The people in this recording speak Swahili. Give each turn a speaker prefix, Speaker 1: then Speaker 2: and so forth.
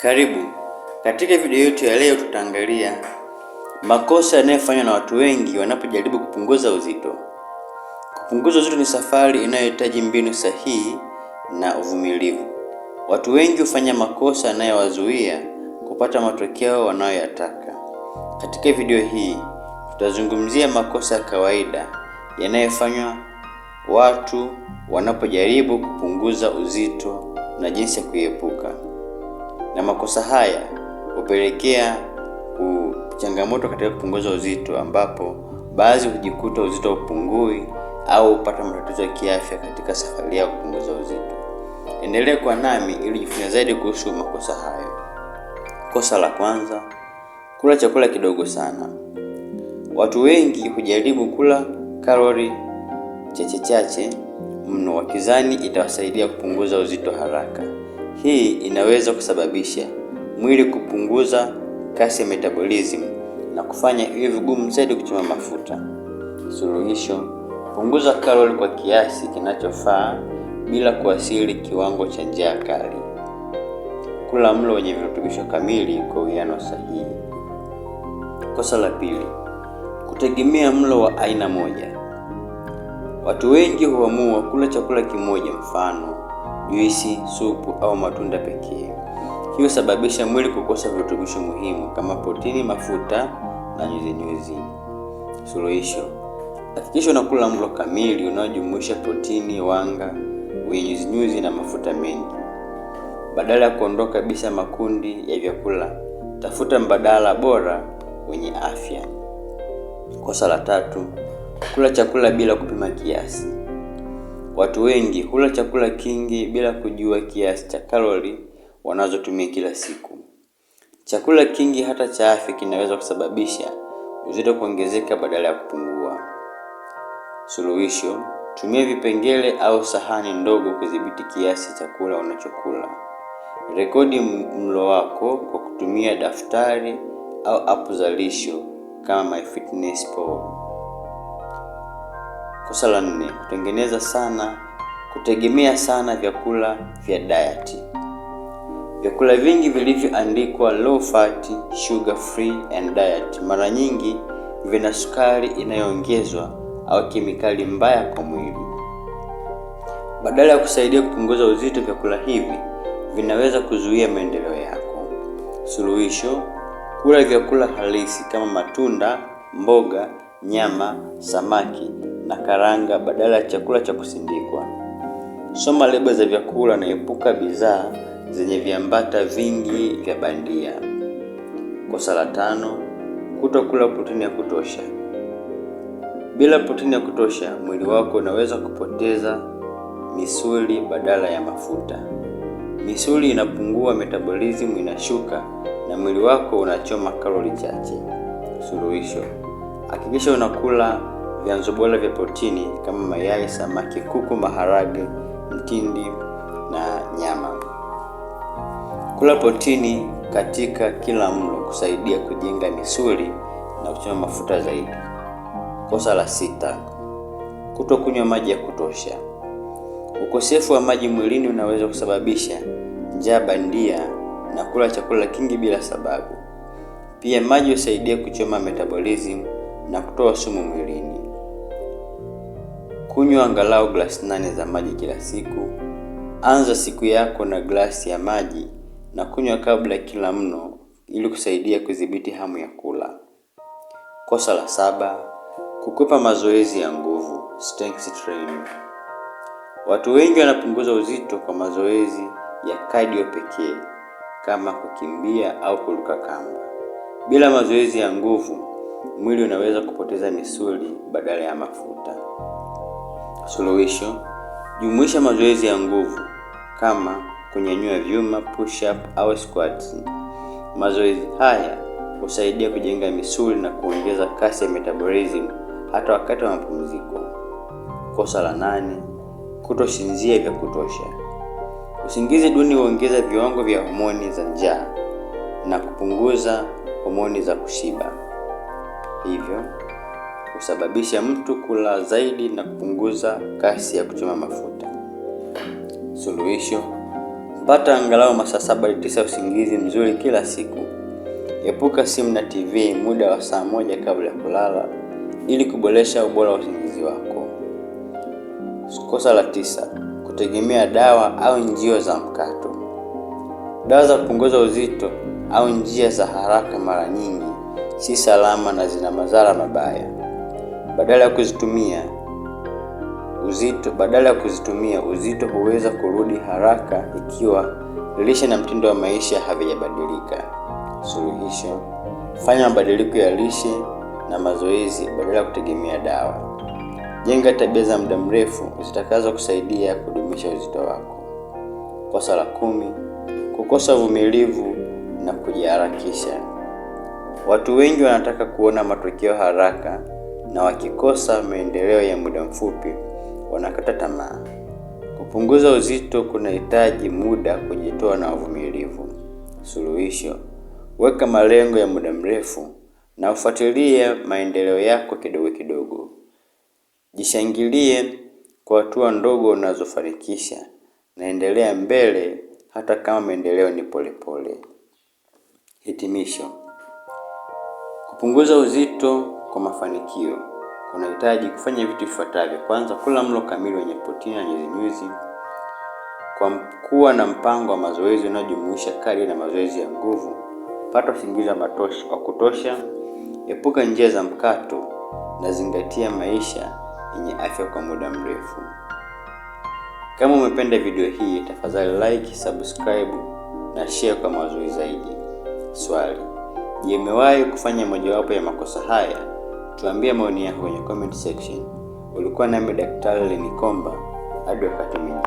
Speaker 1: Karibu. Katika video yetu ya leo tutaangalia makosa yanayofanywa na watu wengi wanapojaribu kupunguza uzito. Kupunguza uzito ni safari inayohitaji mbinu sahihi na uvumilivu. Watu wengi hufanya makosa yanayowazuia kupata matokeo wanayoyataka. Katika video hii tutazungumzia makosa ya kawaida yanayofanywa watu wanapojaribu kupunguza uzito na jinsi ya kuiepuka na makosa haya hupelekea changamoto katika kupunguza uzito, ambapo baadhi hujikuta uzito upungui au hupata matatizo ya kiafya katika safari ya kupunguza uzito. Endelee kwa nami ili jifunze zaidi kuhusu makosa hayo. Kosa la kwanza, kula chakula kidogo sana. Watu wengi hujaribu kula kalori chache chache mno wakizani itawasaidia kupunguza uzito haraka. Hii inaweza kusababisha mwili kupunguza kasi ya metabolism na kufanya iwe vigumu zaidi kuchoma mafuta. Suluhisho: punguza kalori kwa kiasi kinachofaa bila kuathiri kiwango cha njaa kali. Kula mlo wenye virutubisho kamili kwa uwiano sahihi. Kosa la pili: kutegemea mlo wa aina moja. Watu wengi huamua kula chakula kimoja, mfano juisi, supu au matunda pekee. Hii husababisha mwili kukosa virutubisho muhimu kama protini, mafuta na nyuzinyuzi. Suluhisho: hakikisha unakula mlo kamili unaojumuisha protini, wanga, nyuzi na mafuta mengi. Badala ya kuondoa kabisa makundi ya vyakula, tafuta mbadala bora wenye afya. Kosa la tatu: kula chakula bila kupima kiasi. Watu wengi hula chakula kingi bila kujua kiasi cha kalori wanazotumia kila siku. Chakula kingi hata cha afya kinaweza kusababisha uzito kuongezeka badala ya kupungua. Suluhisho: tumia vipengele au sahani ndogo kudhibiti kiasi cha chakula unachokula. Rekodi mlo wako kwa kutumia daftari au app za lisho kama MyFitnessPal. Kosa la nne, kutengeneza sana, kutegemea sana vyakula vya diet. Vyakula vingi vilivyoandikwa low fat, sugar free and diet mara nyingi vina sukari inayoongezwa au kemikali mbaya kwa mwili. Badala ya kusaidia kupunguza uzito, vyakula hivi vinaweza kuzuia maendeleo yako. Suluhisho: kula vyakula halisi kama matunda, mboga, nyama, samaki na karanga badala ya chakula cha kusindikwa. Soma lebo za vyakula na epuka bidhaa zenye viambata vingi vya bandia. Kosa la tano: kutokula protini ya kutosha. Bila protini ya kutosha, mwili wako unaweza kupoteza misuli badala ya mafuta. Misuli inapungua, metabolism inashuka, na mwili wako unachoma kalori chache. Suluhisho: hakikisha unakula Vyanzo bora vya protini kama mayai, samaki, kuku, maharage, mtindi na nyama. Kula protini katika kila mlo kusaidia kujenga misuli na kuchoma mafuta zaidi. Kosa la sita, kutokunywa maji ya kutosha. Ukosefu wa maji mwilini unaweza kusababisha njaa bandia na kula chakula kingi bila sababu. Pia maji husaidia kuchoma metabolism na kutoa sumu mwilini. Kunywa angalau glasi nane za maji kila siku. Anza siku yako na glasi ya maji na kunywa kabla ya kila mlo ili kusaidia kudhibiti hamu ya kula. Kosa la saba: kukwepa mazoezi ya nguvu strength training. Watu wengi wanapunguza uzito kwa mazoezi ya cardio pekee kama kukimbia au kuruka kamba. Bila mazoezi ya nguvu, mwili unaweza kupoteza misuli badala ya mafuta. Suluhisho: jumuisha mazoezi ya nguvu kama kunyanyua vyuma, push up au squats. Mazoezi haya husaidia kujenga misuli na kuongeza kasi ya metabolism hata wakati wa mapumziko. Kosa la nane: kutosinzia vya kutosha. Usingizi duni huongeza viwango vya homoni za njaa na kupunguza homoni za kushiba, hivyo husababisha mtu kula zaidi na kupunguza kasi ya kuchoma mafuta. Suluhisho: pata angalau masaa saba hadi tisa usingizi mzuri kila siku. Epuka simu na TV muda wa saa moja kabla ya kulala ili kuboresha ubora wa usingizi wako. Kosa la tisa: kutegemea dawa au njio za mkato. Dawa za kupunguza uzito au njia za haraka mara nyingi si salama na zina madhara mabaya badala ya kuzitumia uzito badala ya kuzitumia uzito huweza kurudi haraka ikiwa lishe na mtindo wa maisha havijabadilika. Suluhisho: fanya mabadiliko ya lishe na mazoezi badala ya kutegemea dawa. Jenga tabia za muda mrefu zitakazo kusaidia kudumisha uzito wako. Kosa la kumi: kukosa uvumilivu na kujiharakisha. Watu wengi wanataka kuona matokeo haraka na wakikosa maendeleo ya muda mfupi wanakata tamaa. Kupunguza uzito kunahitaji muda, kujitoa na uvumilivu. Suluhisho: weka malengo ya muda mrefu na ufuatilie maendeleo yako kidogo kidogo. Jishangilie kwa hatua ndogo unazofanikisha, naendelea mbele hata kama maendeleo ni polepole. Hitimisho: kupunguza uzito kwa mafanikio unahitaji kufanya vitu vifuatavyo. Kwanza, kula mlo kamili wenye protini na nyuzinyuzi, kwa kuwa na mpango wa mazoezi unaojumuisha kali na mazoezi ya nguvu, pata usingizi wa kutosha, epuka njia za mkato na zingatia maisha yenye afya kwa muda mrefu. Kama umependa video hii, tafadhali like, subscribe na share kwa mazuri zaidi. Swali: je, umewahi kufanya mojawapo ya makosa haya? Tuambie maoni yako kwenye comment section. Ulikuwa nami Daktari Lenikomba, hadi wakati mwingine.